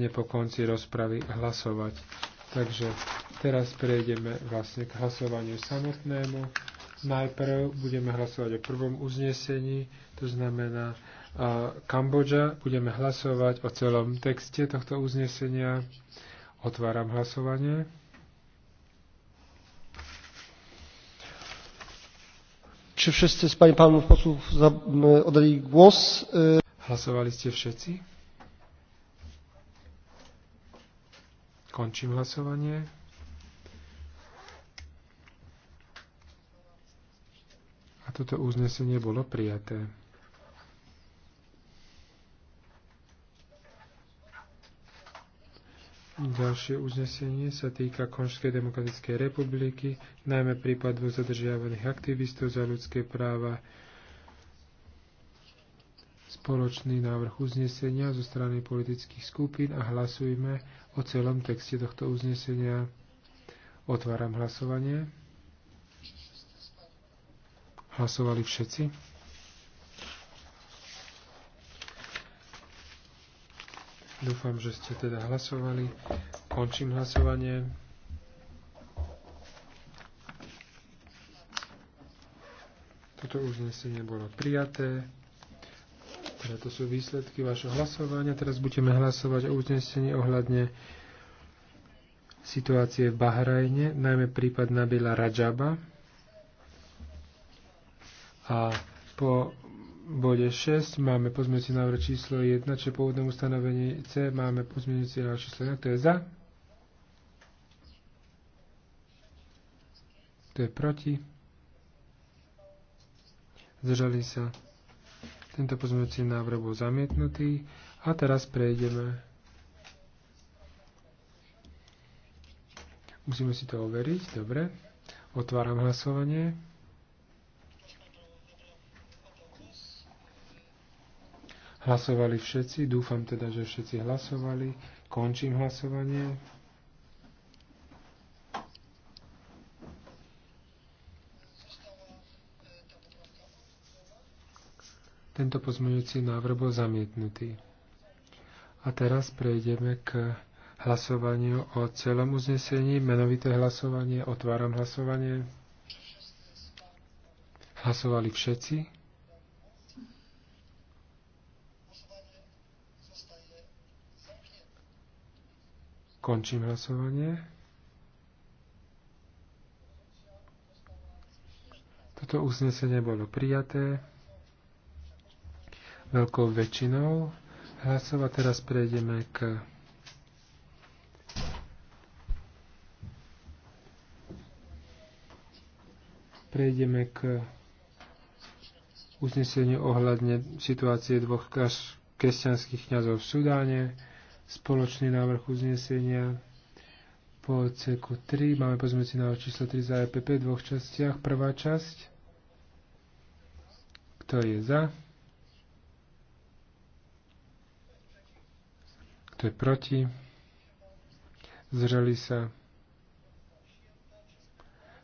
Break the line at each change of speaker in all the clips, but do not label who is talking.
Vlastne po konci rozpravy hlasovať. Takže teraz prejdeme vlastne k hlasovaniu samotnému. Najprv budeme hlasovať o prvom uznesení, to znamená a Kambodža. Budeme hlasovať o celom texte tohto uznesenia. Otváram hlasovanie. Či všetci z pani panów posłów oddali głos? Hlasovali ste všetci? Končím hlasovanie. A toto uznesenie bolo prijaté. Ďalšie uznesenie sa týka Konžskej demokratickej republiky, najmä prípadu zadržiavaných aktivistov za ľudské práva spoločný návrh uznesenia zo strany politických skupín a hlasujme o celom texte tohto uznesenia. Otváram hlasovanie. Hlasovali všetci. Dúfam, že ste teda hlasovali. Končím hlasovanie. Toto uznesenie bolo prijaté. Teda to sú výsledky vašho hlasovania. Teraz budeme hlasovať o uznesení ohľadne situácie v Bahrajne, najmä prípad Nabila Rajaba. A po bode 6 máme pozmeňujúci návrh číslo 1, čiže po úvodnom ustanovení C máme pozmeňujúci návrh číslo 1, to je za. To je proti. Zdržali sa. Tento pozmeňujúci návrh bol zamietnutý. A teraz prejdeme. Musíme si to overiť. Dobre. Otváram hlasovanie. Hlasovali všetci. Dúfam teda, že všetci hlasovali. Končím hlasovanie. Tento pozmeňujúci návrh bol zamietnutý. A teraz prejdeme k hlasovaniu o celom uznesení. Menovité hlasovanie. Otváram hlasovanie. Hlasovali všetci. Končím hlasovanie. Toto uznesenie bolo prijaté veľkou väčšinou hlasov. A teraz prejdeme k prejdeme k uzneseniu ohľadne situácie dvoch kresťanských kňazov v Sudáne, spoločný návrh uznesenia po ceku 3, máme pozmeci návrh číslo 3 za EPP v dvoch častiach. Prvá časť, kto je za? Kto je proti? zreli sa?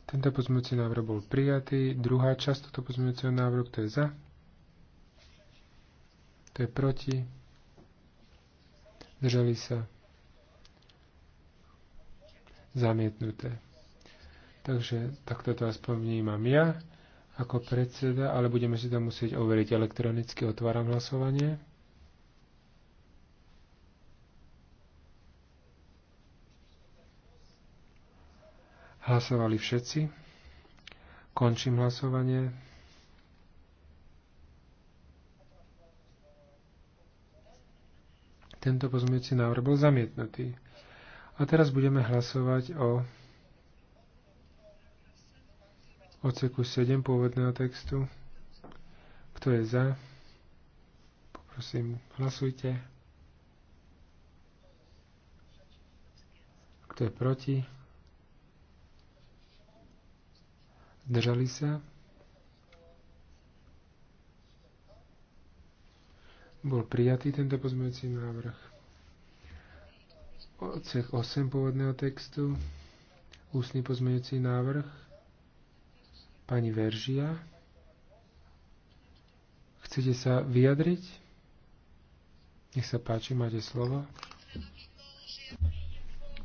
Tento pozmeňujúci návrh bol prijatý. Druhá časť tohto pozmeňujúceho návrhu, kto je za? Kto je proti? Zdržali sa? Zamietnuté. Takže takto to aspoň vnímam ja ako predseda, ale budeme si to musieť overiť elektronicky. Otváram hlasovanie. Hlasovali všetci. Končím hlasovanie. Tento pozmeňujúci návrh bol zamietnutý. A teraz budeme hlasovať o odseku 7 pôvodného textu. Kto je za? Poprosím, hlasujte. Kto je proti? Zdržali sa? Bol prijatý tento pozmeňujúci návrh. Odsek 8 pôvodného textu. Ústny pozmeňujúci návrh. Pani Veržia. Chcete sa vyjadriť? Nech sa páči, máte slovo.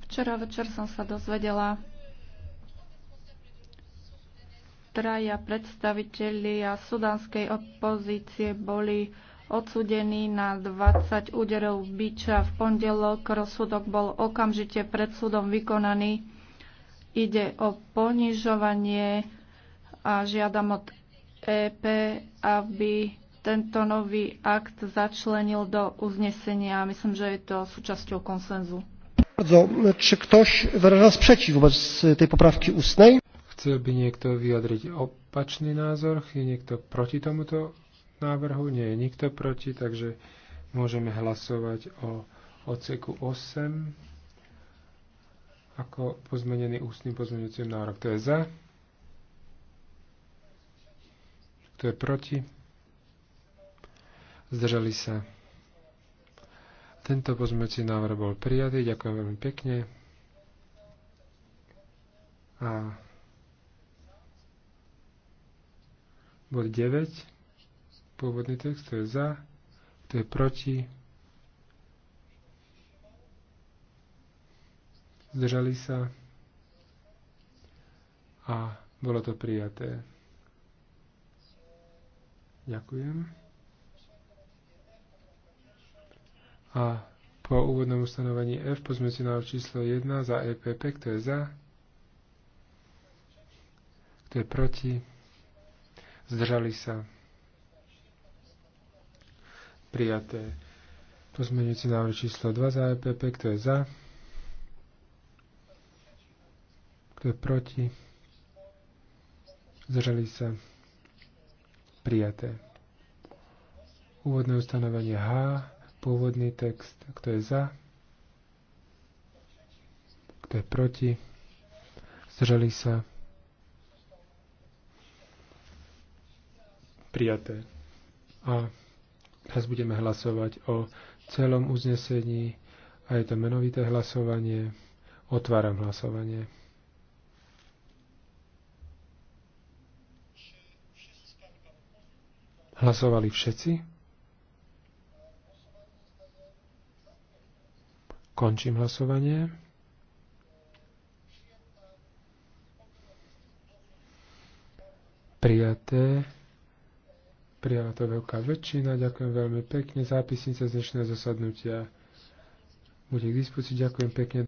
Včera večer som sa dozvedela, traja predstavitelia sudanskej opozície boli odsudení na 20 úderov biča. V pondelok rozsudok bol okamžite pred súdom vykonaný. Ide o ponižovanie a žiadam od EP, aby tento nový akt začlenil do uznesenia. Myslím, že je to súčasťou konsenzu. Bardzo. Czy ktoś wyraża sprzeciw wobec tej poprawki ustnej? Chcel by niekto vyjadriť opačný názor? Je niekto proti tomuto návrhu? Nie je nikto proti, takže môžeme hlasovať o odseku 8 ako pozmenený ústnym pozmenujúcim nárok. To je za. Kto je proti? Zdržali sa. Tento pozmenujúci návrh bol prijatý. Ďakujem veľmi pekne. A Bod 9. Pôvodný text, to je za, to je proti. Zdržali sa. A bolo to prijaté. Ďakujem. A po úvodnom ustanovení F pozme si na číslo 1 za EPP, kto je za, kto je proti zdržali sa prijaté. Pozmeňujúci návrh číslo 2 za EPP, kto je za, kto je proti, zdržali sa prijaté. Úvodné ustanovenie H, pôvodný text, kto je za, kto je proti, zdržali sa prijaté prijaté. A teraz budeme hlasovať o celom uznesení a je to menovité hlasovanie. Otváram hlasovanie. Hlasovali všetci? Končím hlasovanie. Prijaté. Prijala to veľká väčšina. Ďakujem veľmi pekne. Zápisnica z dnešného zasadnutia bude k dispozícii. Ďakujem pekne.